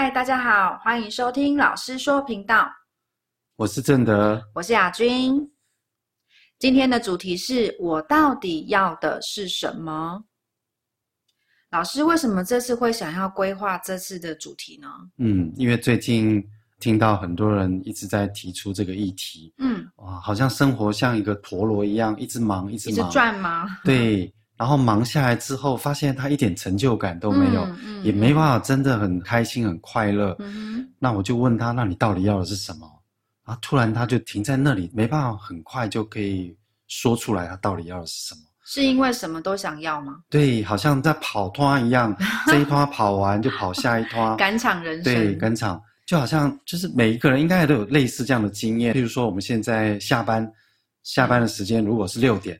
嗨，大家好，歡迎收聽老施說頻道。我是正德，我是亞軍。今天的主題是我到底要的是什麼？老師為什麼這次會想要規劃這次的主題呢？嗯，因為最近聽到很多人一直在提出這個議題。嗯，哇，好像生活像一個陀螺一樣，一直忙，一直忙，一直轉嗎？對。然後忙下來之後，發現他一點成就感都沒有，嗯嗯、也沒辦法真的很開心、嗯、很快樂。嗯、那我就問他：“嗯、那你到底要的是什麼？”然後突然他就停在那裡，沒辦法很快就可以說出來他到底要的是什麼。是因為什麼都想要嗎？對，好像在跑攤一樣，這一攤跑完就跑下一攤。 趕場人生。對，趕場就好像就是每一個人應該也都有類似這樣的經驗。比如說我們現在下班，下班的時間如果是六點。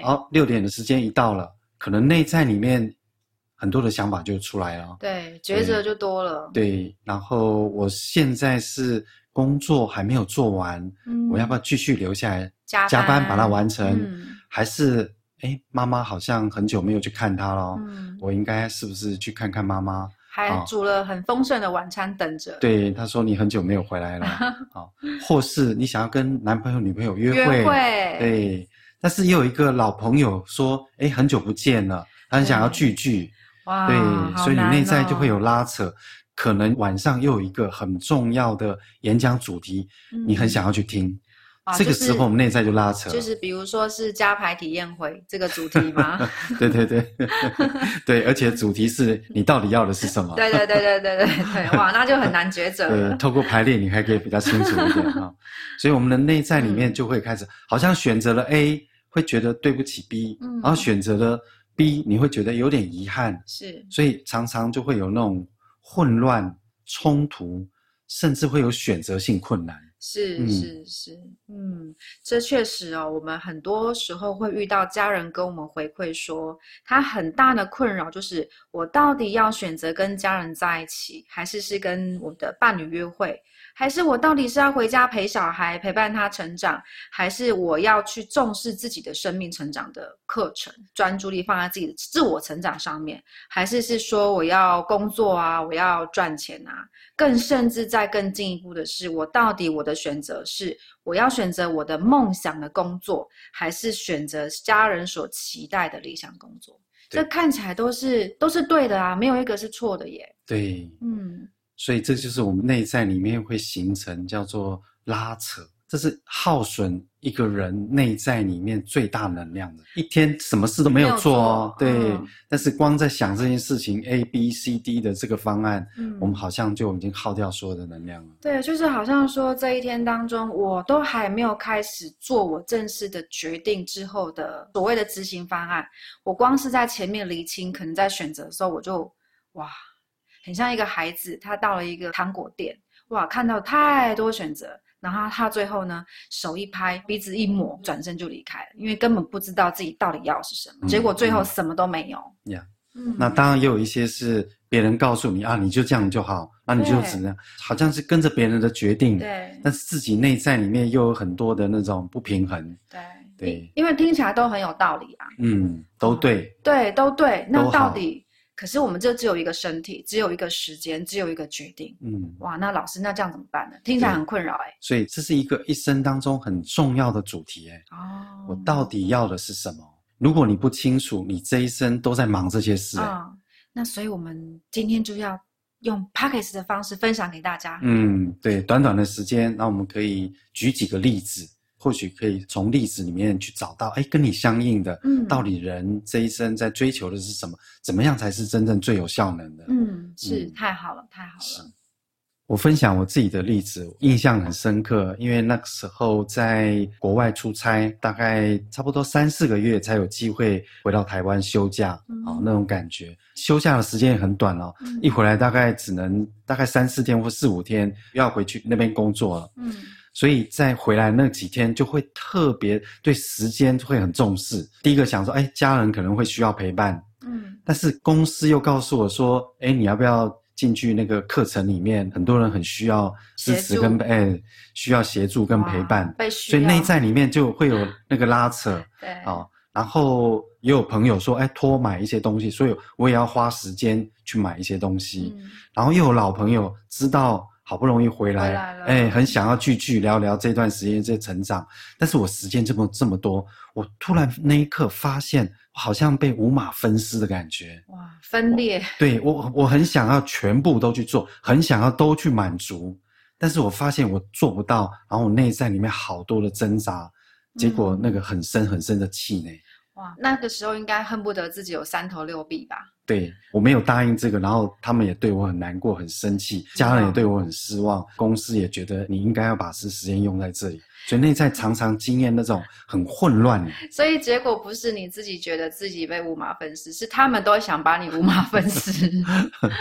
好，六對、哦、點的時間一到了，可能內在裡面很多的想法就出來了。對，抉擇就多了。對，然後我現在是工作還沒有做完，嗯、我要不要繼續留下來加班，加班把它完成？嗯、還是哎，媽媽好像很久沒有去看她了，嗯、我應該是不是去看看媽媽？還煮了很豐盛的晚餐等着、哦。對，她說你很久沒有回來了， 哦、或是你想要跟男朋友、女朋友約會？約會。對。但是也有一個老朋友說：“誒，很久不見了，他很想要聚聚。”哇，對，哦、所以你內在就會有拉扯。可能晚上又有一個很重要的演講主題，嗯、你很想要去聽。哇這個時候我們內在就拉扯，就是、就是比如說是加排體驗會這個主題嗎？ 對，對對對， 對，而且主題是你到底要的是什麼？對 對對對對對對，哇，那就很難抉擇了。呃 透過排列，你還可以比較清楚一點啊。 所以我們的內在裡面就會開始，好像選擇了 A。會覺得對不起 B，嗯、然後選擇了 B，你會覺得有點遺憾。是，所以常常就會有那種混亂衝突，甚至會有選擇性困難。是、嗯、是是，嗯，這確實哦，我們很多時候會遇到家人跟我們回饋說，他很大的困擾就是我到底要選擇跟家人在一起，還是是跟我們的伴侶約會？還是我到底是要回家陪小孩，陪伴他成長，還是我要去重視自己的生命成長的課程，專注力放在自己的自我成長上面？還是是說我要工作啊，我要賺錢啊？更甚至在更進一步的是，我到底我的選擇是我要選擇我的夢想的工作，還是選擇家人所期待的理想工作？對這看起來都是都是對的啊，沒有一個是錯的耶。對，嗯。所以這就是我們內在裡面會形成叫做拉扯，這是耗損一個人內在裡面最大能量的。一天什麼事都沒有做哦，做，對，嗯，但是光在想這件事情 A、B、C、D 的這個方案，嗯，我們好像就已經耗掉所有的能量了。對，就是好像說這一天當中，我都還沒有開始做我正式的決定之後的所謂的執行方案，我光是在前面釐清，可能在選擇的時候我就哇。很像一個孩子，他到了一個糖果店，哇，看到太多選擇，然後他最後呢，手一拍，鼻子一抹，轉身就離開了，因為根本不知道自己到底要是什麼，結果最後什麼都沒有。那當然也有一些是別人告訴你啊，你就這樣就好，那、啊、對你就只能好像是跟着別人的決定，對，但是自己內在裡面又有很多的那種不平衡，對，對，因，因為聽起來都很有道理啊，嗯，都對，啊、對，都對，那到底。可是我們這只有一個身體，只有一個時間，只有一個決定。嗯，哇，那老師，那這樣怎麼辦呢？聽起來很困擾哎、嗯。所以這是一個一生當中很重要的主題哎。哦。我到底要的是什麼？如果你不清楚，你這一生都在忙這些事。啊、嗯。那所以我們今天就要用 Podcast 的方式分享給大家。嗯，對，短短的時間，那我們可以舉幾個例子，或許可以從例子裡面去找到，哎，跟你相應的，嗯、到底人這一生在追求的是什麼？怎麼樣才是真正最有效能的？嗯，是嗯，太好了，是太好了。我分享我自己的例子，印象很深刻，因為那個時候在國外出差，大概差不多三四個月才有機會回到台灣休假，啊、嗯、哦，那種感覺，休假的時間也很短哦，嗯、一回來大概只能大概三四天或四五天，又要回去那邊工作了。嗯。所以，在回來那幾天，就會特別對時間會很重視。第一個想說，誒、欸、家人可能會需要陪伴，嗯，但是公司又告訴我說，誒、欸、你要不要進去那個課程裡面？很多人很需要支持跟誒助、欸、需要協助跟陪伴，所以內在裡面就會有那個拉扯，嗯、對、喔，然後也有朋友說，誒、欸、託我買一些東西，所以我也要花時間去買一些東西，嗯、然後又有老朋友知道，好不容易回來了，回來了。欸，很想要聚聚聊聊這段時間這些成長，但是我時間這麼這麼多，我突然那一刻發現，好像被五馬分屍的感覺。哇，分裂！我對我，我很想要全部都去做，很想要都去滿足，但是我發現我做不到，然後我內在裡面好多的掙扎，結果那個很深很深的氣餒。嗯哇，那個時候應該恨不得自己有三頭六臂吧？對，我沒有答應這個，然後他們也對我很難過、很生氣，家人也對我很失望，嗯、公司也覺得你應該要把這時間用在這裡，所以內在常常經驗那種很混亂。 所以結果不是你自己覺得自己被五馬分屍，是他們都想把你五馬分屍。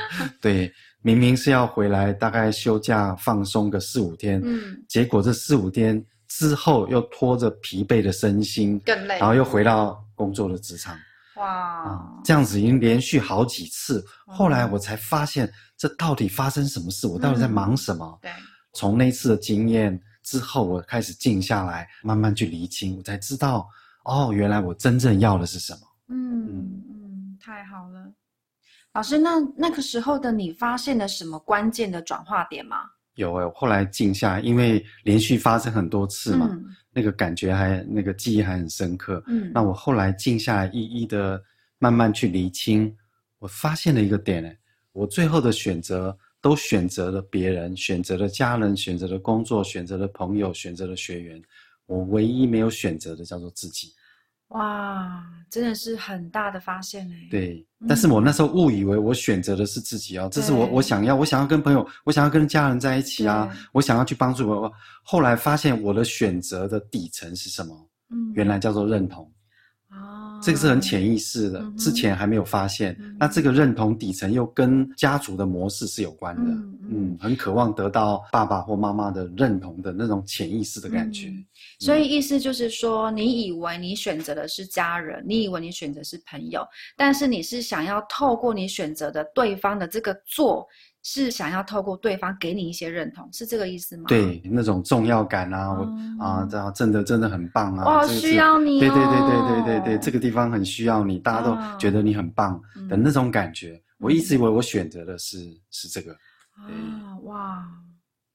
對，明明是要回來大概休假放鬆個四五天，嗯，結果這四五天。之後又拖着疲憊的身心，更累，然後又回到工作的職場，哇、嗯啊，這樣子已經連續好幾次。哇，後來我才發現，這到底發生什麼事？嗯、我到底在忙什麼？嗯、對，從那次的經驗之後，我開始靜下來，慢慢去釐清，我才知道，哦，原來我真正要的是什麼。嗯嗯嗯，太好了，老師，那那個時候的你發現了什麼關鍵的轉化點嗎？有誒，後來靜下，因為連續發生很多次嘛，嗯、那個感覺還那個記憶還很深刻。嗯，那我後來靜下來一一的慢慢去釐清，我發現了一個點哎，我最後的選擇都選擇了別人，選擇了家人，選擇了工作，選擇了朋友，選擇了學員，我唯一沒有選擇的叫做自己。哇，真的是很大的發現嘞、欸！對，但是我那時候誤以為我選擇的是自己啊、哦，嗯、這是我對我想要，我想要跟朋友，我想要跟家人在一起啊，對我想要去幫助我。後來發現我的選擇的底層是什麼？嗯、原來叫做認同。哦，這個是很潛意識的，嗯、之前還沒有發現。嗯、那這個認同底層又跟家族的模式是有關的。嗯、嗯、嗯，很渴望得到爸爸或媽媽的認同的那種潛意識的感覺。嗯所以意思就是說，你以為你選擇的是家人，嗯、你以為你選擇是朋友，嗯、但是你是想要透過你選擇的對方的這個做，是想要透過對方給你一些認同，是這個意思嗎？對，那種重要感啊，我、嗯、啊這樣、啊、真的真的很棒啊，哇次好需要你、哦，對對對對對對對，這個地方很需要你，大家都覺得你很棒的那種感覺，嗯、我一直以為我選擇的是、嗯、是這個對啊哇。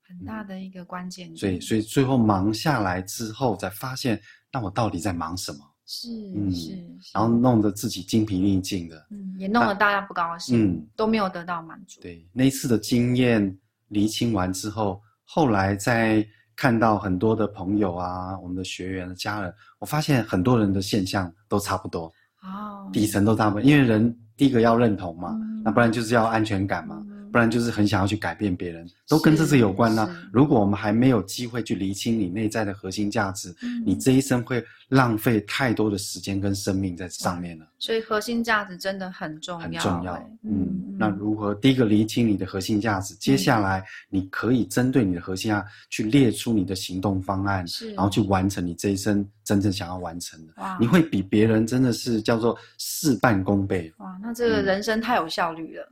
很大的一個關鍵、嗯、所以所以最後忙下來之後，才發現那我到底在忙什麼？是是，嗯、是是，然後弄得自己精疲力盡的，嗯、也弄得大家不高興，嗯，都沒有得到滿足。對，那一次的經驗釐清完之後，嗯、後來在看到很多的朋友啊，我們的學員的家人，我發現很多人的現象都差不多，哦，底層都差不多，因為人第一個要認同嘛，嗯、那不然就是要安全感嘛。嗯不然就是很想要去改變別人，都跟這些有關呢。如果我們還沒有機會去釐清你內在的核心價值，你這一生會浪費太多的時間跟生命在上面了。所以核心價值真的很重要，很重要。嗯，那如何？第一個釐清你的核心價值，接下來你可以針對你的核心啊，去列出你的行動方案，然後去完成你這一生真正想要完成的。哇，你會比別人真的是叫做事半功倍。哇，那這個人生太有效率了。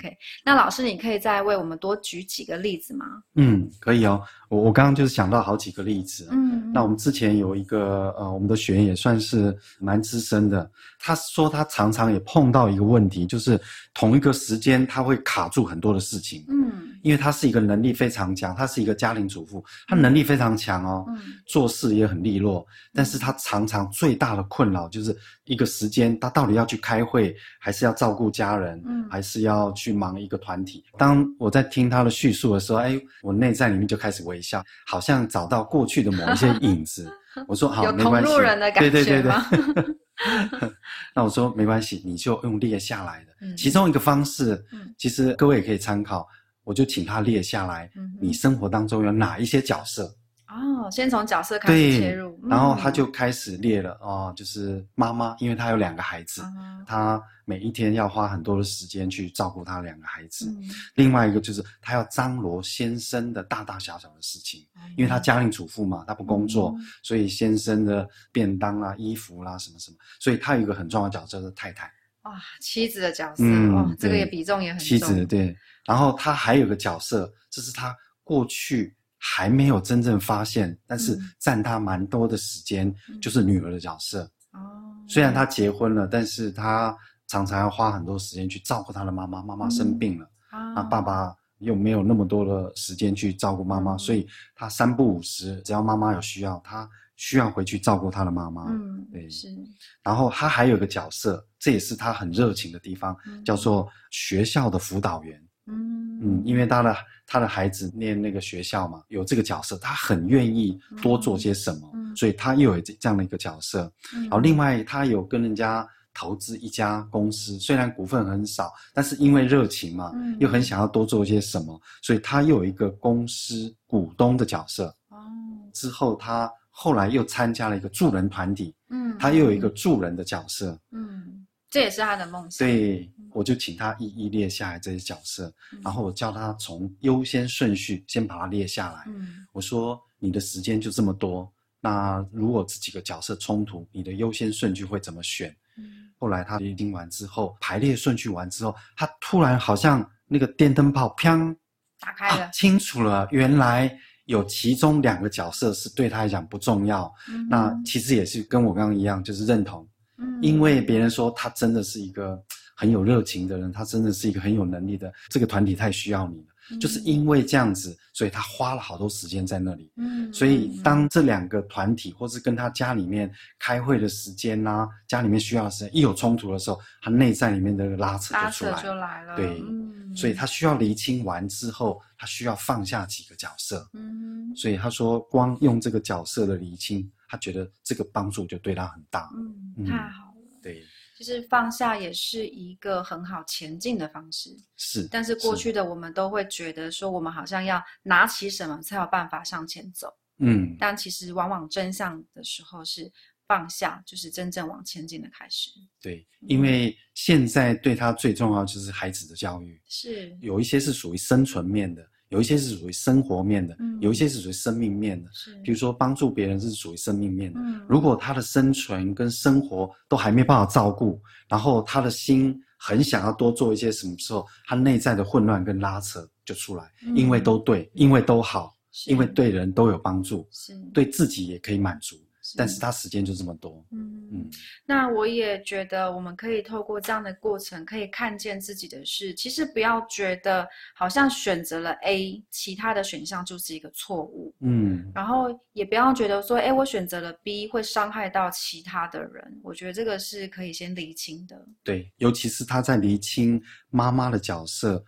Okay. 那老師，你可以再為我們多舉幾個例子嗎？嗯，可以哦。我我剛剛就是想到好幾個例子。嗯，那我們之前有一個呃，我們的學員也算是蠻資深的，他說他常常也碰到一個問題，就是同一個時間他會卡住很多的事情。嗯。因為他是一個能力非常強，他是一個家庭主婦，嗯、他能力非常強哦，嗯、做事也很利落。但是他常常最大的困擾就是一個時間，他到底要去開會，還是要照顧家人，嗯、還是要去忙一個團體？當我在聽他的敘述的時候，哎，我內在裡面就開始微笑，好像找到過去的某一些影子。 我說好，有同路人的感覺嗎？沒關係，對對對對。 那我說沒關係，你就用列下來的。嗯、其中一個方式，其實各位也可以參考。我就請他列下來，你生活當中有哪一些角色？哦，先從角色開始切入，對嗯、然後他就開始列了。哦、呃，就是媽媽，因為他有兩個孩子，嗯、他每一天要花很多的時間去照顧他兩個孩子。嗯、另外一個就是他要張羅先生的大大小小的事情，嗯、因為他家庭主婦嘛，他不工作，嗯、所以先生的便當啊、衣服啦、什麼什麼，所以他有一個很重要的角色是太太。哇、哦，妻子的角色、嗯、哦，這個也比重也很重。妻子對，然後他還有個角色，這是他過去還沒有真正發現，但是占他蠻多的時間，嗯、就是女兒的角色。哦、嗯，雖然他結婚了，嗯、但是他常常要花很多時間去照顧他的媽媽。媽媽生病了，啊、嗯，爸爸又沒有那麼多的時間去照顧媽媽，嗯、所以他三不五時，只要媽媽有需要，他。需要回去照顧他的媽媽。嗯，對。是然後他還有一個角色，這也是他很熱情的地方，嗯、叫做學校的輔導員。嗯嗯，因為他的他的孩子念那個學校嘛，有這個角色，他很願意多做些什麼。嗯、所以他又有這樣的一個角色。嗯、然後另外，他有跟人家投資一家公司，嗯、雖然股份很少，但是因為熱情嘛，嗯、又很想要多做些什麼，所以他又有一個公司股東的角色。哦，之後他。後來又參加了一個助人團體，嗯，他又有一個助人的角色，嗯，這也是他的夢想。對，我就請他一一列下來這些角色，嗯，然後我叫他從優先順序先把它列下來。嗯，我說你的時間就這麼多，那如果這幾個角色衝突，你的優先順序會怎麼選？嗯，後來他一列完之後，排列順序完之後，他突然好像那個電燈泡啪，打開了，啊，清楚了，原來。有其中兩個角色是對他來講不重要，嗯、哼那其實也是跟我剛剛一樣，就是認同，嗯、因為別人說他真的是一個很有熱情的人，他真的是一個很有能力的，這個團體太需要你。就是因為這樣子，所以他花了好多時間在那裡。嗯，所以當這兩個團體，或是跟他家裡面開會的時間吶、啊，家裡面需要的時間，一有衝突的時候，他內在裡面的拉扯就出來。拉扯就來了。對，嗯，所以他需要釐清完之後，他需要放下幾個角色。嗯，所以他說，光用這個角色的釐清，他覺得這個幫助就對他很大。嗯，嗯，太好了。對。就是放下也是一個很好前進的方式。是，但是過去的我們都會覺得說，我們好像要拿起什麼才有辦法向前走。嗯，但其實往往真相的時候是放下，就是真正往前進的開始。對，嗯，因為現在對他最重要就是孩子的教育。是，有一些是屬於生存面的。有一些是屬於生活面的，嗯、有一些是屬於生命面的。是，比如說幫助別人是屬於生命面的。嗯，如果他的生存跟生活都還沒辦法照顧，然後他的心很想要多做一些什麼時候，他內在的混亂跟拉扯就出來，嗯、因為都對，嗯、因為都好，是因為對人都有幫助，是對自己也可以滿足。但是他時間就這麼多。嗯嗯，嗯，那我也覺得我們可以透過這樣的過程，可以看見自己的事。其實不要覺得好像選擇了 A，其他的選項就是一個錯誤。嗯，然後也不要覺得說，哎，我選擇了 B 會傷害到其他的人。我覺得這個是可以先釐清的。對，尤其是他在釐清媽媽的角色。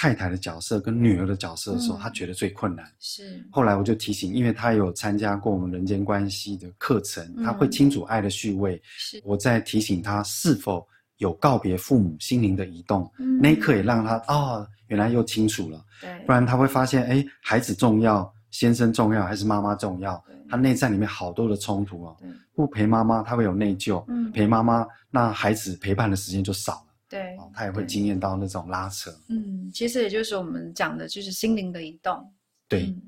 太太的角色跟女兒的角色的時候，嗯、他覺得最困難。是，後來我就提醒，因為他有參加過我們人間關係的課程，嗯、他會清楚愛的序位。是，我在提醒他是否有告別父母心靈的移動。嗯，那一刻也讓他啊、哦，原來又清楚了。對，不然他會發現，哎，孩子重要，先生重要，還是媽媽重要？對他內在裡面好多的衝突啊、哦。嗯對。不陪媽媽，他會有內疚。嗯。陪媽媽，那孩子陪伴的時間就少。對，對他也會經驗到那種拉扯。嗯，其實也就是我們講的，就是心靈的移動。對，嗯、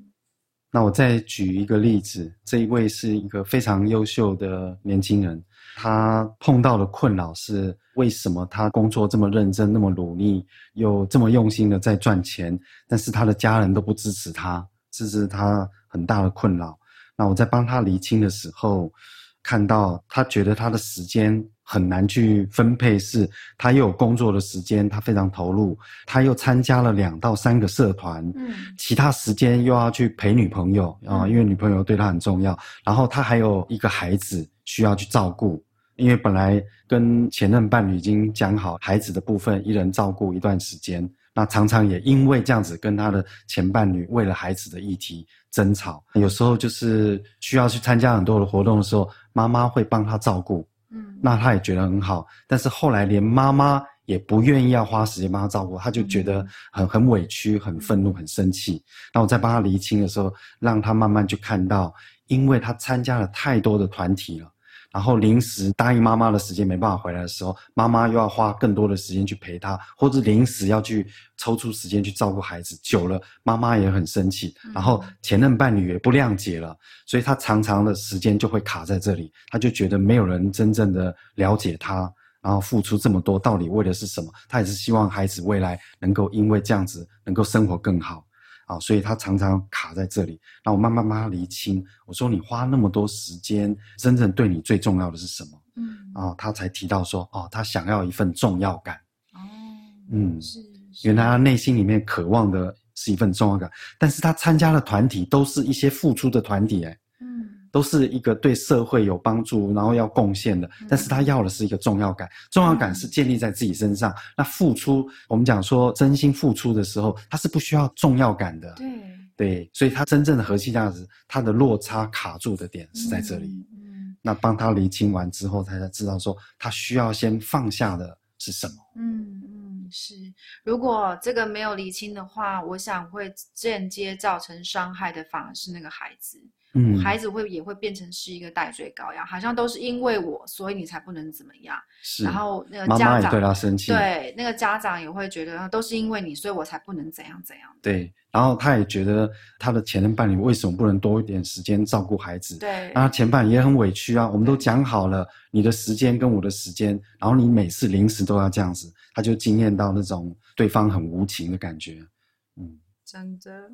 那我再舉一個例子，這一位是一個非常優秀的年輕人，他碰到的困擾是，為什麼他工作這麼認真、那麼努力，又這麼用心的在賺錢，但是他的家人都不支持他，這是他很大的困擾。那我在幫他理清的時候，看到他覺得他的時間。很難去分配，是他又有工作的時間，他非常投入，他又參加了兩到三個社團，嗯，其他時間又要去陪女朋友啊，嗯，因為女朋友對他很重要。然後他還有一個孩子需要去照顧，因為本來跟前任伴侶已經講好孩子的部分，一人照顧一段時間。那常常也因為這樣子，跟他的前伴侶為了孩子的議題爭吵。有時候就是需要去參加很多的活動的時候，媽媽會幫他照顧。嗯，那他也覺得很好，但是後來連媽媽也不願意要花時間幫他照顧，他就覺得很很委屈、很憤怒、很生氣。那我在幫他釐清的時候，讓他慢慢就看到，因為他參加了太多的團體了。然後臨時答應媽媽的時間沒辦法回來的時候，媽媽又要花更多的時間去陪她，或者臨時要去抽出時間去照顧孩子，久了媽媽也很生氣，然後前任伴侶也不諒解了，所以她常常的時間就會卡在這裡，她就覺得沒有人真正的了解她，然後付出這麼多到底為的是什麼？她也是希望孩子未來能夠因為這樣子能夠生活更好。啊、哦，所以他常常卡在這裡，那我慢慢幫他釐清。我說你花那麼多時間，真正對你最重要的是什麼？嗯、啊、哦，他才提到說，哦，他想要一份重要感。哦，嗯，是，是，原來他內心裡面渴望的是一份重要感，但是他參加的團體都是一些付出的團體誒，哎。都是一個對社會有幫助，然後要貢獻的，嗯、但是他要的是一個重要感，重要感是建立在自己身上。嗯、那付出，我們講說真心付出的時候，他是不需要重要感的。對，對，所以他真正的核心價值，嗯、他的落差卡住的點是在這裡。嗯，那幫他釐清完之後，他才知道說他需要先放下的是什麼。嗯嗯，是，如果這個沒有釐清的話，我想會間接造成傷害的，反而是那個孩子。嗯，孩子會也會變成是一個代罪羔羊，好像都是因為我，所以你才不能怎麼樣。是，然後那個家長媽媽對他生氣，對那個家長也會覺得都是因為你，所以我才不能怎樣怎樣。對，然後他也覺得他的前任伴侶為什麼不能多一點時間照顧孩子？對、嗯，那前伴也很委屈啊，對我們都講好了你的時間跟我的時間，對然後你每次臨時都要這樣子，他就經驗到那種對方很無情的感覺。嗯，真的。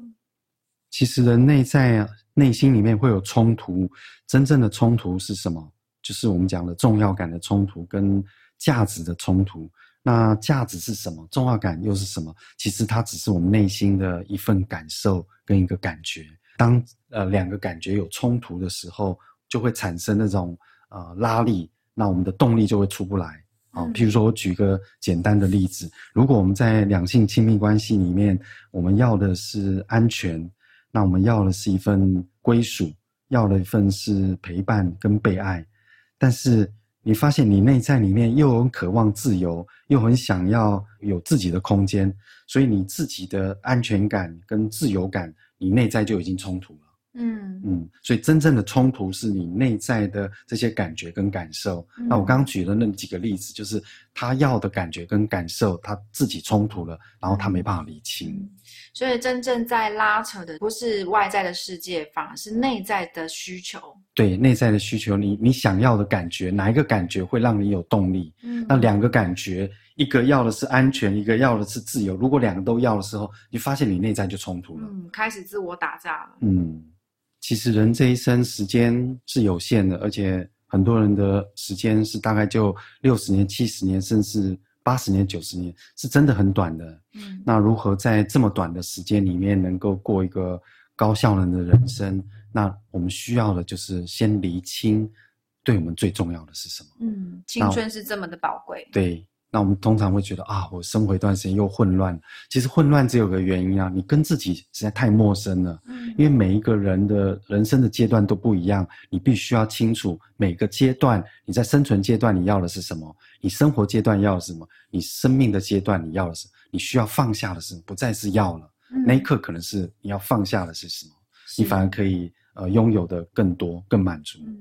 其實人內在，內心裡面會有衝突，真正的衝突是什麼？就是我們講的重要感的衝突跟價值的衝突。那價值是什麼？重要感又是什麼？其實它只是我們內心的一份感受跟一個感覺。當呃兩個感覺有衝突的時候，就會產生那種呃拉力，那我們的動力就會出不來啊。哦，譬如說，我舉個簡單的例子，如果我們在兩性親密關係裡面，我們要的是安全，那我們要的是一份歸屬，要的一份是陪伴跟被愛，但是你發現你內在裡面又很渴望自由，又很想要有自己的空間，所以你自己的安全感跟自由感，你內在就已經衝突了。嗯嗯，所以真正的衝突是你內在的這些感覺跟感受。嗯、那我剛剛舉的那幾個例子，就是他要的感覺跟感受他自己衝突了，嗯、然後他沒辦法理清。所以真正在拉扯的不是外在的世界，反而是內在的需求。對，內在的需求，你你想要的感覺，哪一個感覺會讓你有動力？嗯、那兩個感覺，一個要的是安全，一個要的是自由。如果兩個都要的時候，你發現你內在就衝突了，嗯，開始自我打架了，嗯。其實人這一生時間是有限的，而且很多人的時間是大概就六十年、七十年，甚至八十年、九十年，是真的很短的。嗯，那如何在這麼短的時間裡面能夠過一個高效能的人生？那我們需要的就是先釐清，對我們最重要的是什麼？嗯，青春是這麼的寶貴。對。那我們通常會覺得啊，我生活一段時間又混亂了。其實混亂只有個原因啊，你跟自己實在太陌生了。嗯，因為每一個人的人生的階段都不一樣，你必須要清楚每個階段你，在生存階段你要的是什麼，你生活階段要的是什麼，你生命的階段你要的是什麼，你需要放下的是什麼，不再是要了。那一刻可能是你要放下的是什麼，嗯，你反而可以。呃，擁有的更多、更滿足，嗯、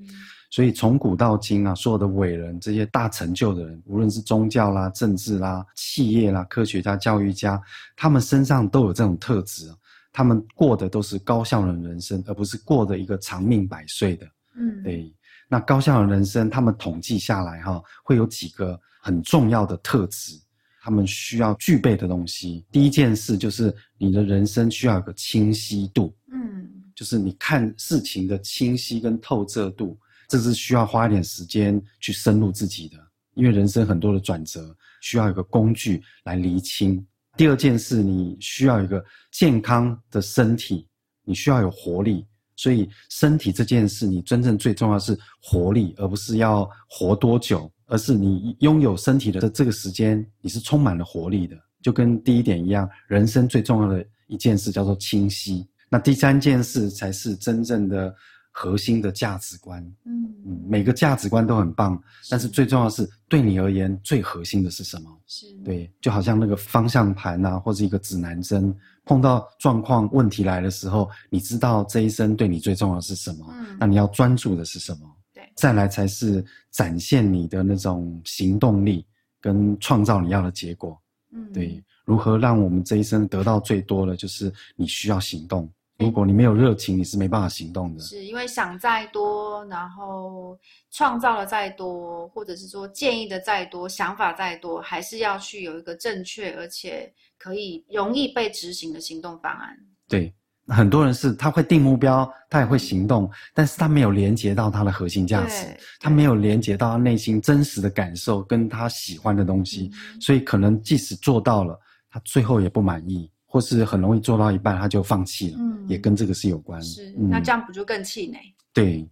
所以從古到今啊，所有的偉人、這些大成就的人，無論是宗教啦、政治啦、企業啦、科學家、教育家，他們身上都有這種特質，啊。他們過的都是高效的人，人生，而不是過的一個長命百歲的。嗯，對。那高效的人，人生，他們統計下來哈、哦，會有幾個很重要的特質，他們需要具備的東西。第一件事就是，你的人生需要一個清晰度。嗯。就是你看事情的清晰跟透徹度，這是需要花一點時間去深入自己的。因為人生很多的轉折，需要一個工具來釐清。第二件事，你需要一個健康的身體，你需要有活力。所以身體這件事，你真正最重要的是活力，而不是要活多久，而是你擁有身體的這這個時間，你是充滿了活力的。就跟第一點一樣，人生最重要的一件事叫做清晰。那第三件事才是真正的核心的價值觀。嗯，嗯，每個價值觀都很棒，是但是最重要的是對你而言最核心的是什麼？是對，就好像那個方向盤吶、啊，或者一個指南針，碰到狀況、問題來的時候，你知道這一生對你最重要的是什麼？嗯，那你要專注的是什麼？對，再來才是展現你的那種行動力跟創造你要的結果。嗯，對，如何讓我們這一生得到最多的，就是你需要行動。如果你沒有熱情，你是沒辦法行動的。是，因為想再多，然後創造了再多，或者是說建議的再多，想法再多，還是要去有一個正確而且可以容易被執行的行動方案。對，很多人是他會定目標，他也會行動，嗯、但是他沒有連接到他的核心價值，對他沒有連接到他內心真實的感受跟他喜歡的東西，嗯、所以可能即使做到了，他最後也不滿意。或是很容易做到一半，他就放棄了，嗯，也跟這個是有關的。是，那這樣不就更氣餒？嗯，對，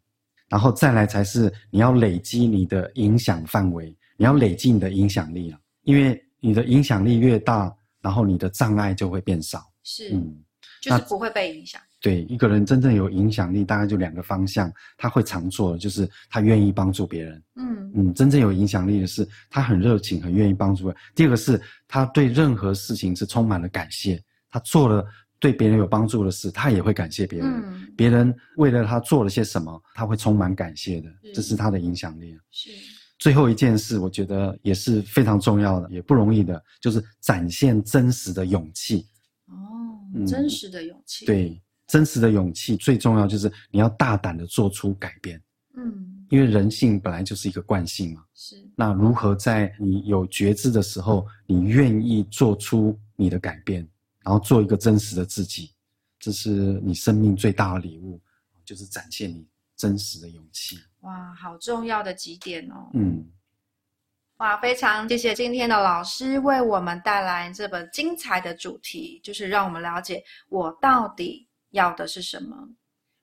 然後再來才是你要累積你的影響範圍，你要累積你的影響力了。因為你的影響力越大，然後你的障礙就會變少。是，嗯，就是不會被影響。對，一個人真正有影響力，大概就兩個方向，他會常做的就是他願意幫助別人。嗯嗯，真正有影響力的是他很熱情，很願意幫助別人。第二個是他對任何事情是充滿了感謝。他做了對別人有幫助的事，他也會感謝別人。嗯。別人為了他做了些什麼，他會充滿感謝的。是。這是他的影響力。是。最後一件事，我覺得也是非常重要的，也不容易的，就是展現真實的勇氣。哦，嗯，真實的勇氣。對，真實的勇氣最重要就是你要大膽的做出改變。嗯，因為人性本來就是一個慣性嘛。是。那如何在你有覺知的時候，你願意做出你的改變？然後做一個真實的自己，這是你生命最大的禮物，就是展現你真實的勇氣。哇，好重要的幾點哦。嗯，哇，非常謝謝今天的老師為我們帶來這本精彩的主題，就是讓我們了解我到底要的是什麼。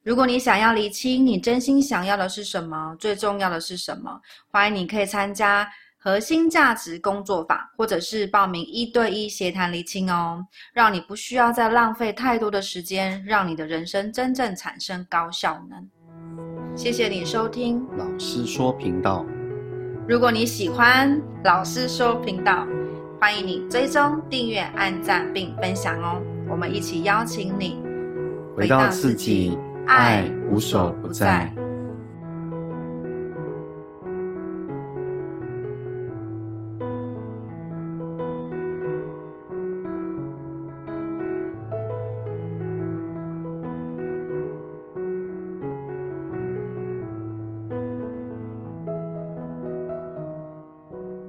如果你想要釐清你真心想要的是什麼，最重要的是什麼，歡迎你可以參加。核心價值工作法，或者是報名一對一協談釐清哦，讓你不需要再浪費太多的時間，讓你的人生真正產生高效能。謝謝你收聽老施說頻道。如果你喜歡老施說頻道，歡迎你追蹤、訂閱、按讚並分享哦。我們一起邀請你回到，回到自己，愛無所不在。